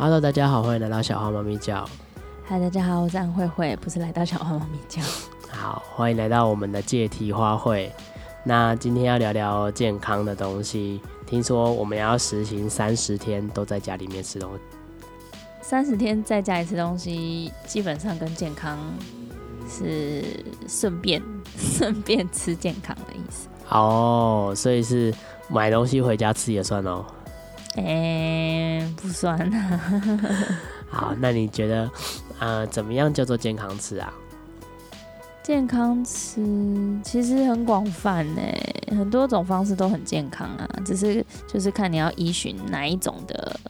Hello，大家好，歡迎來到小花貓咪教。Hi，大家好，我是安慧慧，不是來到小花貓咪教。好，歡迎來到我們的借題花卉。那今天要聊聊健康的東西。聽說我們要實行三十天都在家裡面吃東西。三十天在家裡吃東西，基本上跟健康是順便順便吃健康的意思。哦， oh, 所以是買東西回家吃也算哦？哎、欸，不算 好，那你覺得，啊、呃，怎麼樣叫做健康吃啊？健康吃其實很廣泛呢，很多種方式都很健康啊，只是就是看你要依循哪一種的，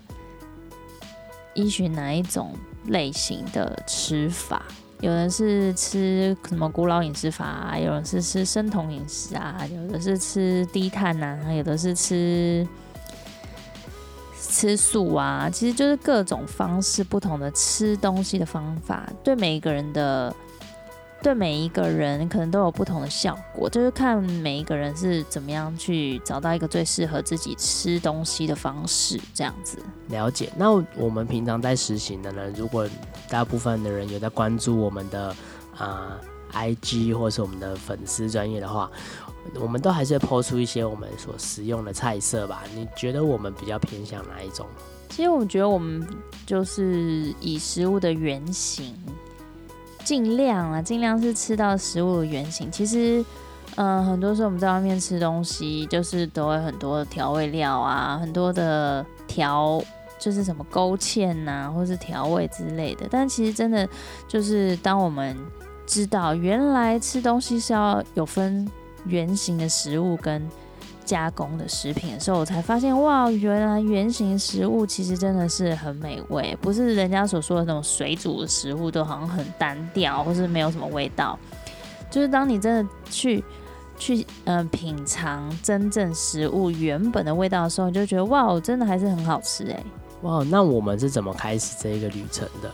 依循哪一種類型的吃法。有人是吃什麼古老飲食法啊，有人是吃生酮飲食啊，有的是吃低碳啊，有的是吃。吃素啊，其實就是各種方式不同的吃東西的方法，對每一個人的對每一個人可能都有不同的效果，就是看每一個人是怎麼樣去找到一個最適合自己吃東西的方式，這樣子。了解。那我們平常在實行的呢？如果大部分的人有在關注我們的啊，呃，IG 或者是我們的粉絲專頁的話。我們都還是會拋出一些我們所食用的菜色吧。你覺得我們比較偏向哪一種？其實我覺得我們就是以食物的原型，儘量啊，儘量是吃到食物的原型。其實，嗯，很多時候我們在外面吃東西，就是都會很多調味料啊，很多的調，就是什麼勾芡吶、啊，或是調味之類的。但其實真的就是，當我們知道原來吃東西是要有分。原型的食物跟加工的食品的時候，我才發現哇，原來原型食物其實真的是很美味，不是人家所說的那種水煮的食物都好像很單調或是沒有什麼味道。就是當你真的去去嗯、呃、品嘗真正食物原本的味道的時候，你就覺得哇，真的還是很好吃誒、欸。哇，那我們是怎麼開始這一個旅程的？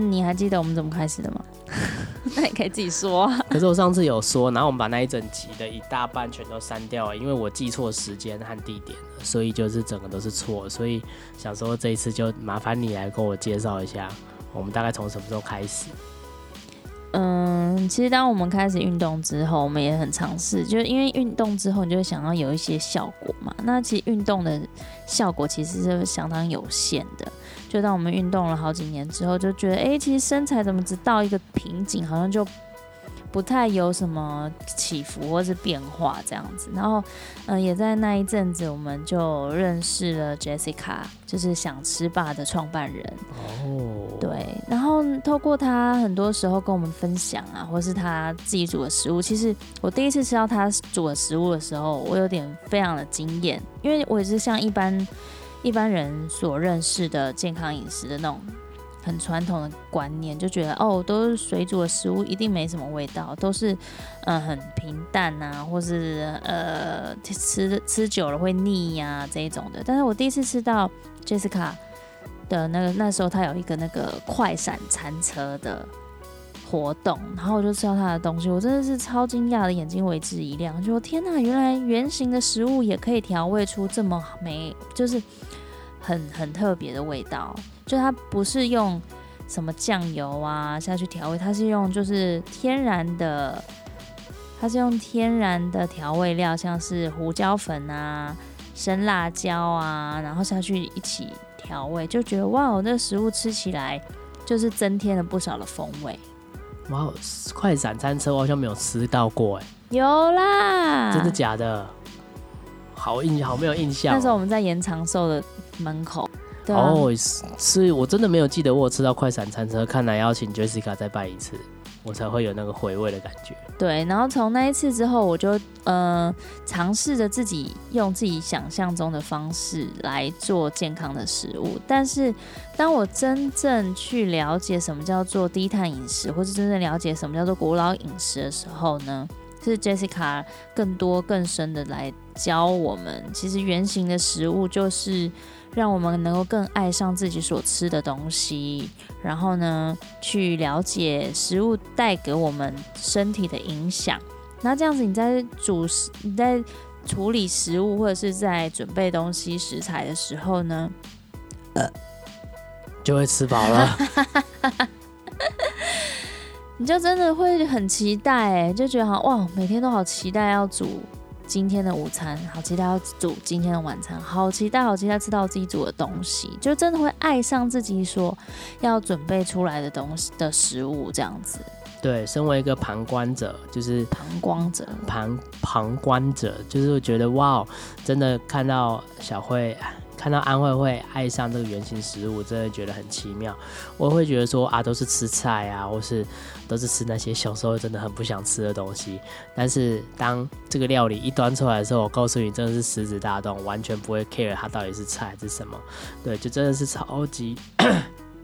你還記得我們怎麼開始的嗎？ 那你可以自己說啊。 可是我上次有說，然後我們把那一整集的一大半全都刪掉了，因為我記錯時間和地點了，所以就是整個都是錯。所以想說這一次就麻煩你來跟我介紹一下，我們大概從什麼時候開始？嗯，其實當我們開始運動之後，我們也很嘗試，就是因為運動之後你就會想要有一些效果嘛。那其實運動的效果其實是相當有限的。就當我們運動了好幾年之後，就覺得哎、欸，其實身材怎麼只到一個瓶頸，好像就不太有什麼起伏或是變化這樣子。然後，嗯、呃，也在那一陣子，我們就認識了 Jessica，就是想吃霸的創辦人。哦。Oh. 對。然後透過他，很多時候跟我們分享啊，或是他自己煮的食物。其實我第一次吃到他煮的食物的時候，我有點非常的驚豔，因為我也是像一般。一般人所認識的健康飲食的那種很傳統的觀念，就覺得哦，都是水煮的食物，一定沒什麼味道，都是嗯、呃，很平淡啊，或是呃吃吃久了會膩呀、啊、這一種的。但是我第一次吃到 Jessica 的那個那時候，他有一個那個快閃餐車的活動，然後我就吃到他的東西，我真的是超驚訝的，眼睛為之一亮，就說天吶、啊，原來原型的食物也可以調味出這麼美，就是。很很特別的味道，就它不是用什麼醬油啊下去調味，它是用就是天然的，它是用天然的調味料，像是胡椒粉啊、生辣椒啊，然後下去一起調味，就覺得哇哦，那個食物吃起來就是增添了不少的風味。哇哦，快閃餐車我好像沒有吃到過哎、欸，有啦，真的假的？好印象好沒有印象、啊， 那時候我們在延長壽的。門口，哦、啊，oh, 是，我真的沒有記得我吃到快閃餐車，看來要請 Jessica 再辦一次，我才會有那個回味的感覺。對，然後從那一次之後，我就呃嘗試着自己用自己想象中的方式來做健康的食物，但是當我真正去了解什麼叫做低碳飲食，或是真正了解什麼叫做古老飲食的時候呢，是 Jessica 更多更深的來教我們。其實原型的食物就是讓我們能夠更愛上自己所吃的東西，然後呢，去了解食物帶給我們身體的影響。那這樣子，你在煮食，你在處理食物或者是在準備東西食材的時候呢，呃，就會吃飽了。 你就真的會很期待，哎，就覺得好哇，每天都好期待要煮今天的午餐，好期待要煮今天的晚餐，好期待，好期待吃到自己煮的東西，就真的會愛上自己所要準備出來的東西的食物，這樣子。對，身為一個旁觀者，就是旁觀者，旁旁觀者，就是覺得哇，真的看到小慧。看到安慧會愛上這個原型食物，真的覺得很奇妙。我會覺得說，啊，都是吃菜啊，或是都是吃那些小時候真的很不想吃的東西。但是當這個料理一端出來的時候，我告訴你，真的是食指大動，完全不會 care 它到底是菜還是什麼。對，就真的是超級，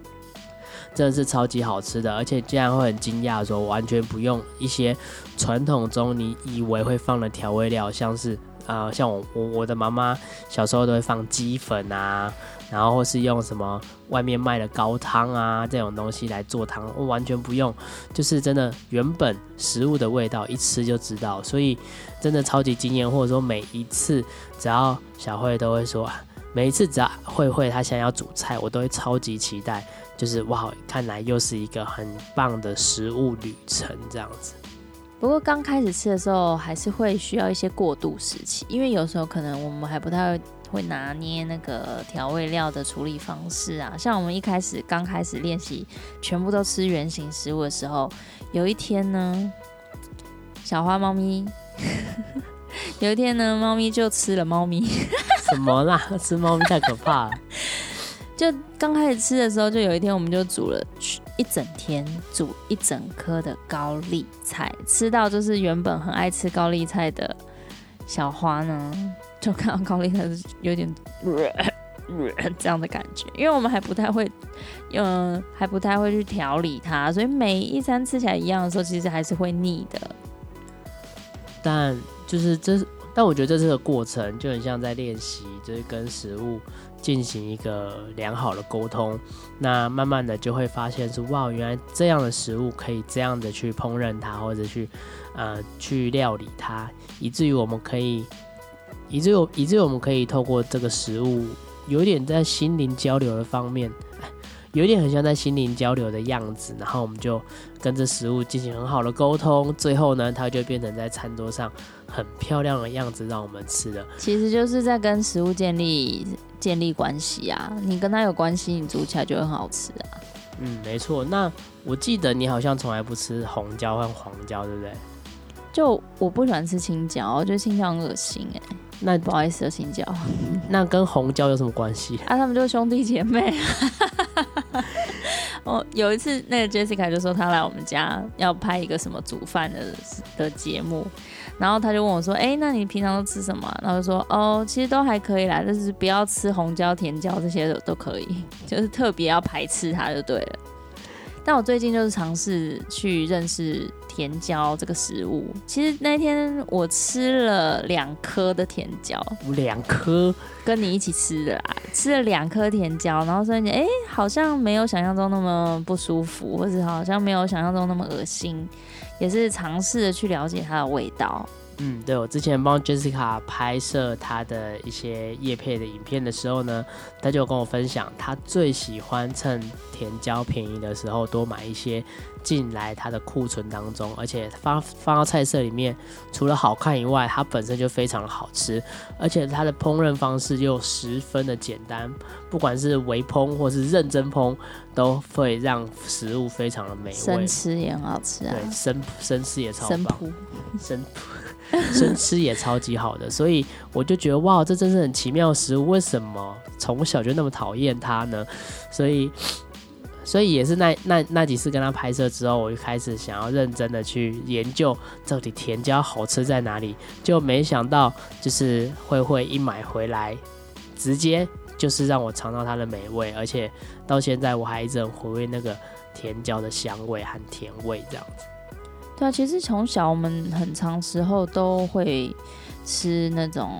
真的是超級好吃的。而且竟然會很驚訝，說完全不用一些傳統中你以為會放的調味料，像是。啊、呃，像我我我的媽媽小時候都會放雞粉啊，然後或是用什麼外面賣的高湯啊這種東西來做湯，我完全不用，就是真的原本食物的味道一吃就知道，所以真的超級驚艷。或者說每一次只要小慧都會說，每一次只要慧慧她想要煮菜，我都會超級期待，就是哇，看來又是一個很棒的食物旅程這樣子。不過剛開始吃的時候，還是會需要一些過渡時期，因為有時候可能我們還不太會拿捏那個調味料的處理方式啊。像我們一開始剛開始練習全部都吃原型食物的時候，有一天呢，小花貓咪，有一天呢，貓咪就吃了貓咪。什麼啦？吃貓咪太可怕了。就剛開始吃的時候，就有一天我們就煮了。一整天煮一整顆的高麗菜，吃到就是原本很愛吃高麗菜的小花呢，就看到高麗菜是有點、呃呃呃、這樣的感覺，因為我們還不太會，嗯、呃，還不太會去調理它，所以每一餐吃起來一樣的時候，其實還是會膩的。但就是這。但我覺得這個過程，就很像在練習，就是跟食物進行一個良好的溝通。那慢慢的就會發現說，哇，原來這樣的食物可以這樣的去烹飪它，或者去呃去料理它，以至於我們可以，以至於以至於我們可以透過這個食物，有點在心靈交流的方面，有點很像在心靈交流的樣子。然後我們就跟這食物進行很好的溝通，最後呢，它就變成在餐桌上。很漂亮的樣子，讓我們吃的，其實就是在跟食物建立建立關係啊。你跟它有關係，你煮起來就很好吃啊。嗯，沒錯。那我記得你好像從來不吃紅椒和黃椒，對不對？就我不喜歡吃青椒，我覺得青椒很惡心哎、欸。那不好意思、啊，青椒。 那跟紅椒有什麼關係？啊，他們就是兄弟姐妹。 哦，有一次那個 Jessica 就說她來我們家要拍一個什麼煮飯的的節目，然後他就問我說：“哎、欸，那你平常都吃什麼、啊？”然後就說：“哦，其實都還可以啦，就是不要吃紅椒、甜椒這些的都可以，就是特別要排斥他就對了。”但我最近就是嘗試去認識甜椒這個食物。其實那天我吃了兩顆的甜椒，兩顆顆跟你一起吃的啦，吃了兩顆甜椒，然後說：“誒、欸，好像沒有想象中那麼不舒服，或者好像沒有想象中那麼噁心。”也是嘗試着去了解它的味道。嗯，對，我之前幫 Jessica 拍攝她的一些業配的影片的時候呢，她就跟我分享，她最喜歡趁甜椒便宜的時候多買一些進來她的庫存當中，而且放放到菜色裡面，除了好看以外，它本身就非常好吃，而且它的烹飪方式又十分的簡單，不管是微烹或是認真烹。都會讓食物非常的美味，生吃也很好吃啊，對，生生吃也超好，生脯生，生吃也超級好的， 所以我就覺得哇，這真是很奇妙的食物，為什麼從小就那麼討厭它呢？所以，所以也是那那那幾次跟他拍攝之後，我就開始想要認真的去研究到底甜椒好吃在哪裡，就沒想到就是會會一買回來直接。就是讓我嚐到它的美味，而且到現在我還一直回味那個甜椒的香味和甜味這樣子。對啊，其實從小我們很長時候都會吃那種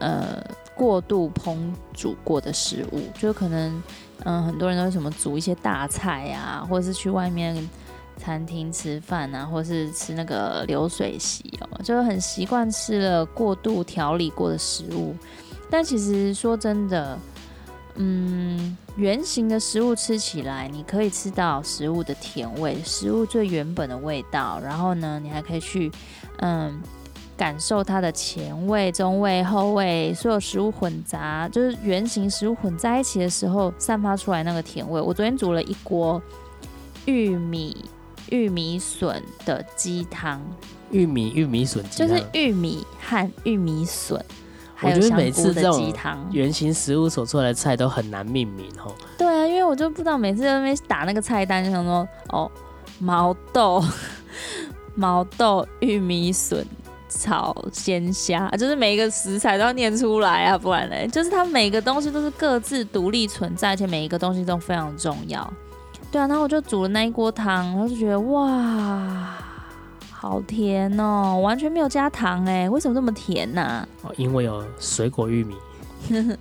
呃過度烹煮過的食物，就可能嗯、呃，很多人都是什麼煮一些大菜啊，或者是去外面餐廳吃飯啊，或者是吃那個流水席，就是很習慣吃了過度調理過的食物。但其實說真的，嗯，原型的食物吃起來，你可以吃到食物的甜味，食物最原本的味道。然後呢，你還可以去，嗯，感受它的前味、中味、後味，所有食物混雜，就是原型食物混在一起的時候，散發出來那個甜味。我昨天煮了一鍋玉米、玉米筍的雞湯。玉米、玉米筍，就是玉米和玉米筍。還有的雞湯，我覺得每次這種原型食物所出來的菜都很難命名哦。對，對啊，因為我就不知道每次在那邊打那個菜單，就想說哦，毛豆、毛豆、玉米筍炒鮮蝦，就是每一個食材都要念出來啊，不然呢就是它每個東西都是各自獨立存在，而且每一個東西都非常重要。對啊，然後我就煮了那一鍋湯，我就覺得哇。好甜哦、喔，完全沒有加糖哎、欸，為什麼這麼甜呢、啊？哦，因為有水果玉米。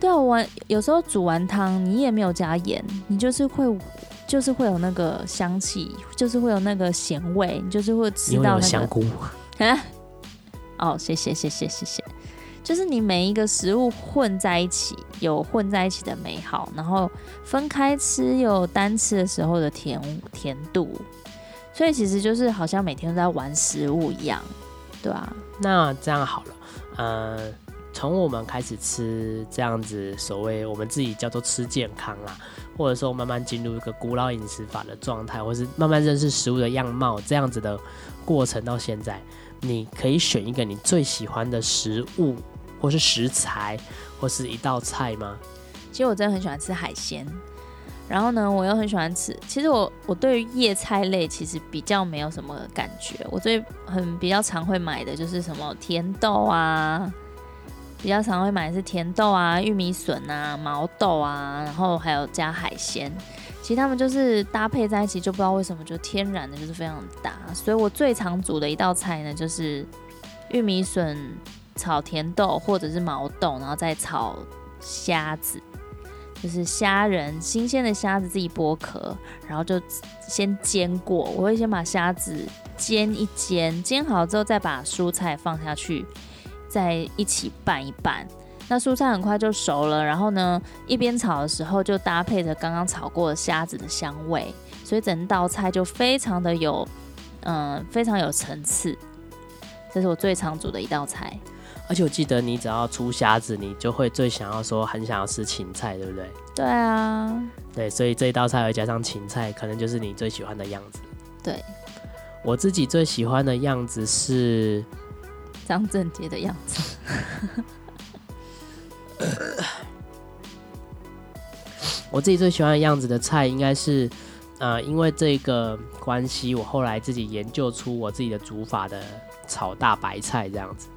對啊，我有時候煮完湯，你也沒有加鹽，你就是會，就是會有那個香氣，就是會有那個鹹味，你就是會吃到那個香菇。 哦，謝謝謝謝謝謝，就是你每一個食物混在一起有混在一起的美好，然後分開吃有單吃的時候的甜甜度。所以其實就是好像每天都在玩食物一樣，對啊。那這樣好了，呃，從我們開始吃這樣子，所謂我們自己叫做吃健康啦、啊，或者說慢慢進入一個古老飲食法的狀態，或是慢慢認識食物的樣貌這樣子的過程到現在，你可以選一個你最喜歡的食物，或是食材，或是一道菜嗎？其實我真的很喜歡吃海鮮。然後呢，我又很喜歡吃。其實我我對於葉菜類其實比較沒有什麼感覺。我最很比較常會買的就是什麼甜豆啊，比較常會買的是甜豆啊、玉米筍啊、毛豆啊，然後還有加海鮮。其實他們就是搭配在一起，就不知道為什麼就天然的就是非常搭。所以我最常煮的一道菜呢，就是玉米筍炒甜豆，或者是毛豆，然後再炒蝦子。就是蝦仁，新鮮的蝦子自己剝殼，然後就先煎過。我會先把蝦子煎一煎，煎好之後再把蔬菜放下去，再一起拌一拌。那蔬菜很快就熟了，然後呢，一邊炒的時候就搭配着剛剛炒過的蝦子的香味，所以整道菜就非常的有，嗯、呃，非常有層次。這是我最常煮的一道菜。而且我記得，你只要出蝦子，你就會最想要說很想要吃芹菜，對不對？對啊。對，所以這道菜再加上芹菜，可能就是你最喜歡的樣子。對，我自己最喜歡的樣子是張正杰的樣子。 我自己最喜歡的樣子的菜應該，應該是啊，因為這個關係，我後來自己研究出我自己的煮法的炒大白菜這樣子。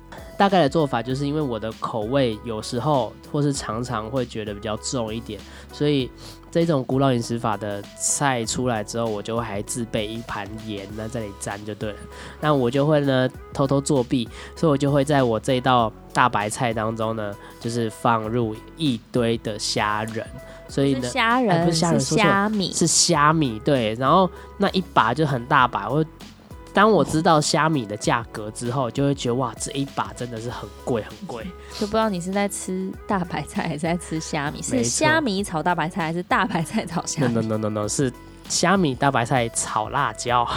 大概的做法就是因為我的口味有時候或是常常會覺得比較重一點，所以這種古老飲食法的菜出來之後，我就會還自備一盤鹽，那這裡沾就對了。那我就會呢偷偷作弊，所以我就會在我這道大白菜當中呢，就是放入一堆的蝦仁，所以蝦仁不是蝦仁，哎，是，蝦仁是蝦米，是蝦米，對。然後那一把就很大把，我。當我知道蝦米的價格之後，就會覺得哇，這一把真的是很貴很貴。就不知道你是在吃大白菜，還是在吃蝦米？沒錯。是蝦米炒大白菜，還是大白菜炒蝦米？No no,No no no no no，是蝦米大白菜炒辣椒。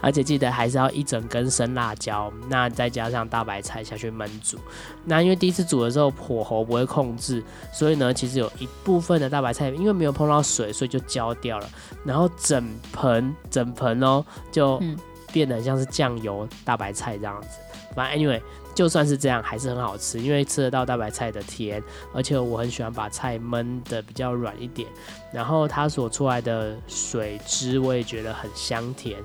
而且記得還是要一整根生辣椒，那再加上大白菜下去燜煮。那因為第一次煮的時候火候不會控制，所以呢，其實有一部分的大白菜因為沒有碰到水，所以就焦掉了。然後整盆整盆哦、喔，就變得很像是醬油大白菜這樣子。反正、嗯、anyway 就算是這樣，還是很好吃，因為吃得到大白菜的甜。而且我很喜歡把菜燜得比較軟一點，然後它所出來的水汁我也覺得很香甜。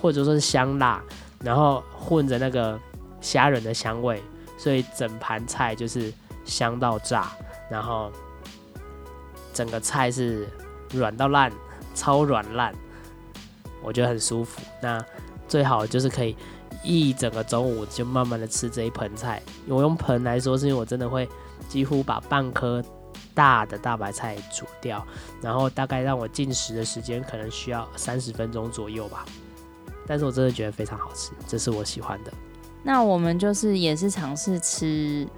或者說是香辣，然後混着那個蝦仁的香味，所以整盤菜就是香到炸，然後整個菜是軟到爛，超軟爛，我覺得很舒服。那最好就是可以一整個中午就慢慢的吃這一盆菜。我用盆來說，是因為我真的會幾乎把半顆大的大白菜煮掉，然後大概讓我進食的時間可能需要三十分鐘左右吧。但是我真的覺得非常好吃，這是我喜歡的。那我們就是也是嘗試吃，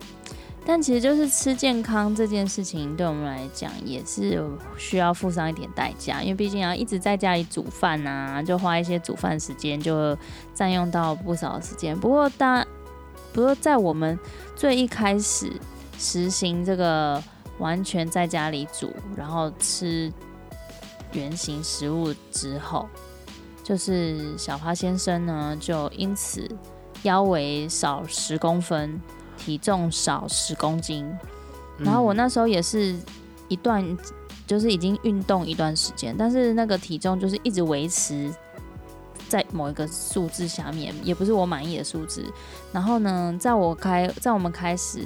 但其實就是吃健康這件事情，對我們來講也是需要付上一點代價，因為畢竟要一直在家裡煮飯啊，就花一些煮飯時間，就占用到不少時間。不過當不過在我們最一開始實行這個完全在家裡煮，然後吃原型食物之後。就是小花先生呢，就因此腰圍少十公分，體重少十公斤。嗯、然後我那時候也是一段，就是已經運動一段時間，但是那個體重就是一直維持。在某一個數字下面，也不是我滿意的數字。然後呢，在我開，在我們開始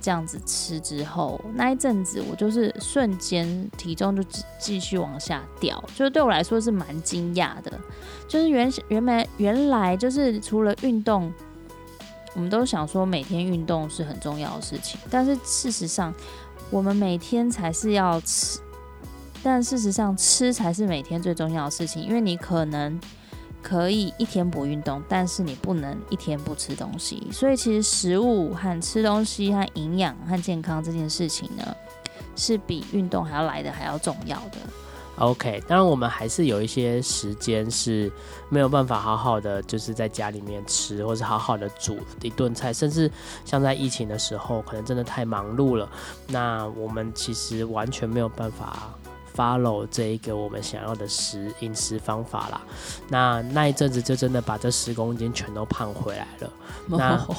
這樣子吃之後，那一陣子我就是瞬間體重就繼續往下掉，就是對我來說是蠻驚訝的。就是原原原來就是除了運動，我們都想說每天運動是很重要的事情，但是事實上我們每天才是要吃，但事實上吃才是每天最重要的事情，因為你可能。可以一天不運動，但是你不能一天不吃東西。所以其實食物和吃東西和營養和健康這件事情呢，是比運動還要來的還要重要的。OK，當然我們還是有一些時間是沒有辦法好好的，就是在家裡面吃，或是好好的煮一頓菜，甚至像在疫情的時候，可能真的太忙碌了，那我們其實完全沒有辦法。Follow 這一個我們想要的食飲食方法啦，那那一陣子就真的把這十公斤全都胖回來了。那、oh.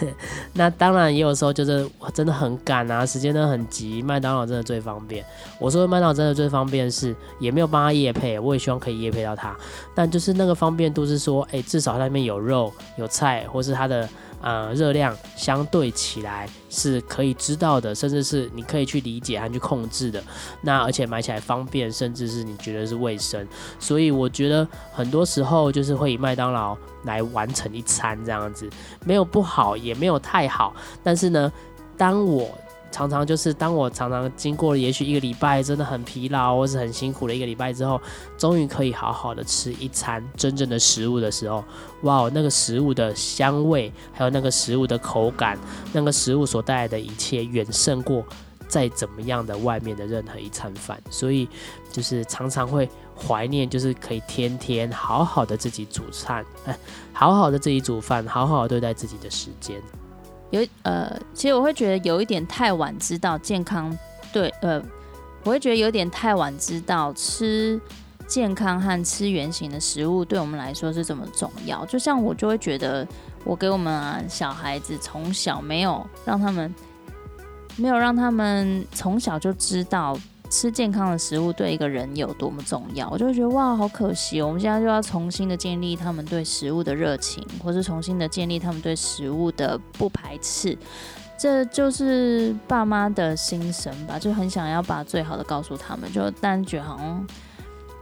那當然也有時候就是真的很趕啊，時間真的很急，麥當勞真的最方便。我說麥當勞真的最方便是，也沒有幫他業配，我也希望可以業配到他，但就是那個方便度是說，誒、欸，至少它裡面有肉有菜，或是它的。呃，熱量相對起來是可以知道的，甚至是你可以去理解和去控制的。那而且買起來方便，甚至是你覺得是衛生。所以我覺得很多時候就是會以麥當勞來完成一餐這樣子，沒有不好，也沒有太好。但是呢，當我。常常就是當我常常經過了，也許一個禮拜真的很疲勞，或是很辛苦的一個禮拜之後，終於可以好好的吃一餐真正的食物的時候，哇、哦，那個食物的香味，還有那個食物的口感，那個食物所帶來的一切，遠勝過再怎麼樣的外面的任何一餐飯。所以，就是常常會懷念，就是可以天天好好的自己煮飯、哎，好好的自己煮飯，好好對待自己的時間。有呃，其實我會覺得有一點太晚知道健康，對，呃，我會覺得有一點太晚知道吃健康和吃原型的食物對我們來說是這麼重要。就像我就會覺得，我給我們、啊、小孩子從小沒有讓他們，沒有讓他們從小就知道。吃健康的食物對一個人有多麼重要，我就會覺得哇，好可惜哦！我們現在就要重新的建立他們對食物的熱情，或是重新的建立他們對食物的不排斥。這就是爸媽的心聲吧，就很想要把最好的告訴他們，就但覺好像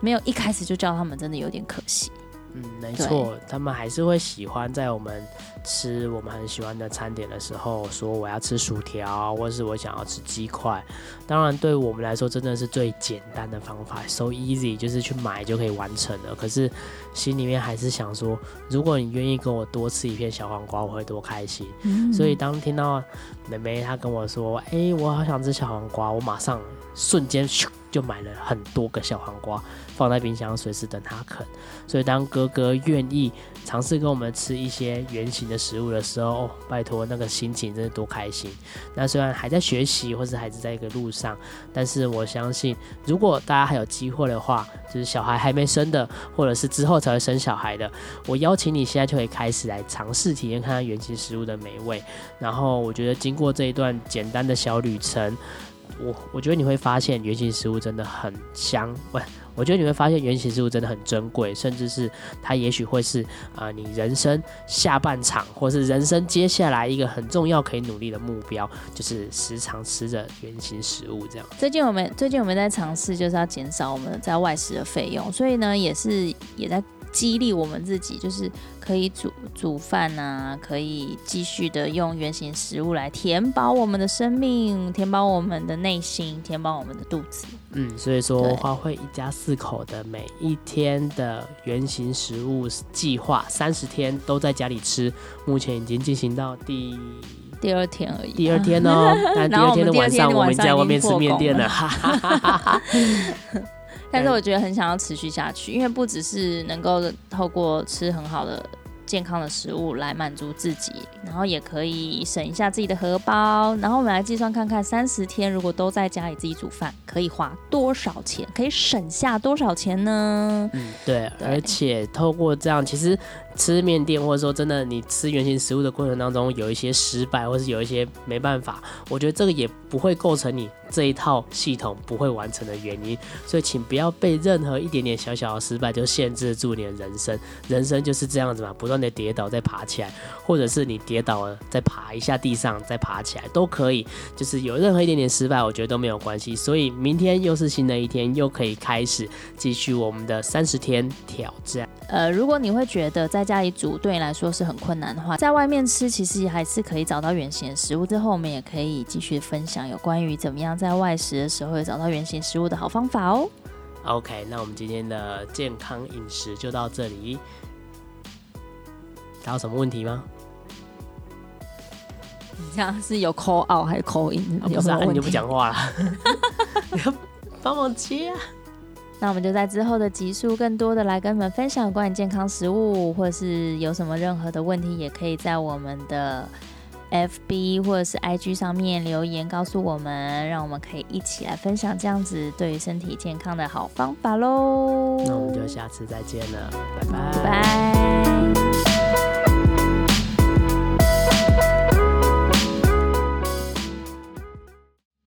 沒有一開始就叫他們，真的有點可惜。嗯，沒錯，對他們還是會喜歡在我們吃我們很喜歡的餐點的時候，說我要吃薯條，或是我想要吃雞塊。當然，對於我們來說，真的是最簡單的方法，so easy，就是去買就可以完成了。可是心裡面還是想說，如果你願意跟我多吃一片小黃瓜，我會多開心。嗯嗯，所以當聽到。妹妹她跟我說：“哎、欸，我好想吃小黃瓜。”我馬上瞬間咻就買了很多個小黃瓜，放在冰箱，隨時等它啃。所以當哥哥願意嘗試跟我們吃一些原型的食物的時候，哦、拜托那個心情真的多開心。那雖然還在學習，或是還是在一個路上，但是我相信，如果大家還有機會的話，就是小孩還沒生的，或者是之後才會生小孩的，我邀請你現在就可以開始來嘗試體驗看看原型食物的美味。然後我覺得今。經過這一段簡單的小旅程，我我覺得你會發現原型食物真的很香。喂，我覺得你會發現原型食物真的很珍貴，甚至是它也許會是啊、呃，你人生下半場或是人生接下來一個很重要可以努力的目標，就是時常吃着原型食物這樣。最近我們最近我們在嘗試就是要減少我們在外食的費用，所以呢也是也在。激勵我們自己，就是可以煮煮飯吶、啊，可以繼續的用原型食物來填飽我們的生命，填飽我們的內心，填飽我們的肚子。嗯，所以說花卉，一家四口的每一天的原型食物計劃，三十天都在家裡吃，目前已經進行到第第二天而已。第二天哦、喔，但 第二天的晚上我們在外面吃麵店了。 但是我覺得很想要持續下去，因為不只是能夠透過吃很好的健康的食物來滿足自己，然後也可以省一下自己的荷包。然後我們來計算看看，三十天如果都在家裡自己煮飯，可以花多少錢，可以省下多少錢呢？嗯，對，對，而且透過這樣，其實。吃麵店，或者說真的你吃原型食物的過程當中有一些失敗，或是有一些沒辦法，我覺得這個也不會構成你這一套系統不會完成的原因。所以請不要被任何一點點小小的失敗就限制住你的人生，人生就是這樣子嘛，不斷的跌倒再爬起來，或者是你跌倒了再爬一下地上再爬起來都可以，就是有任何一點點失敗，我覺得都沒有關係。所以明天又是新的一天，又可以開始繼續我們的三十天挑戰。呃，如果你會覺得在家裡煮對你來說是很困難的話，在外面吃其實還是可以找到原型的食物。之後我們也可以繼續分享有關於怎麼樣在外食的時候找到原型食物的好方法哦。OK，那我們今天的健康飲食就到這裡。還有什麼問題嗎？你這樣是有扣 o u 還是扣音？n 有啥問題？你就不講話了？ 你要幫我接、啊。那我們就在之後的集數，更多的來跟你們分享關於健康食物，或者是有什麼任何的問題，也可以在我們的 FB 或者是 IG 上面留言告訴我們，讓我們可以一起來分享這樣子對身體健康的好方法嘍。那我們就下次再見了，拜拜。Bye bye。